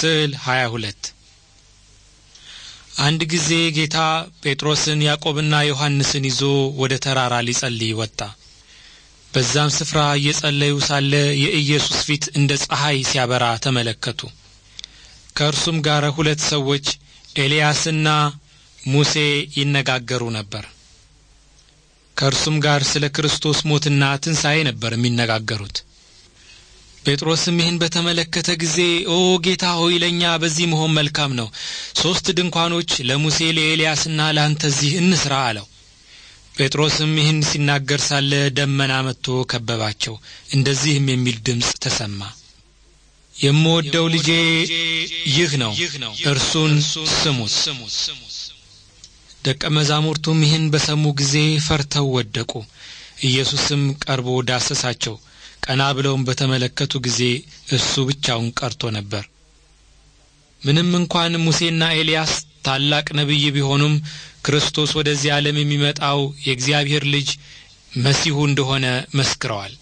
ስዕል 22 አንድ ጊዜ ጌታ ጴጥሮስን ያዕቆብና ዮሐንስን ይዞ ወደ ተራራ ሊጸልይ ወጣ። በዛም ስፍራ እየጸለዩ ሳለ የኢየሱስ ፊት እንደ ፀሐይ ሲያበራ ተመለከቱ። ከእርሱም ጋር ሁለት ሰዎች ኤልያስና ሙሴ ይነጋገሩ ነበር። ከእርሱም ጋር ስለ ክርስቶስ ሞትና ትንሣኤ ነበር የሚነጋገሩት። ጴጥሮስም ይህን በተመለከተ ጊዜ ኦ ጌታ ሆይ ለእኛ በዚህ መሆን መልካም ነው ሦስት ድንኳኖች ለሙሴ ለኤልያስና ለአንተ እዚህ እንሥራ አለው ጴጥሮስም ይህን ሲናገር ሳለ ደመና መጥቶ ከበባቸው እንደዚህም የሚል ድምፅ ተሰማ የምወደው ልጄ ይህ ነው እርሱን ስሙት ደቀ መዛሙርቱም ይህን በሰሙ ጊዜ ፈርተው ወደቁ ኢየሱስም ቀርቦ ዳሰሳቸው ቀና ብለውም በተመለከቱ ጊዜ እሱ ብቻውን ቀርቶ ነበር። ምንም እንኳን ሙሴና ኤልያስ ታላቅ ነቢይ ቢሆኑም ክርስቶስ ወደዚህ ዓለም የሚመጣው የእግዚአብሔር ልጅ መሲሁ እንደሆነ መስክረዋል።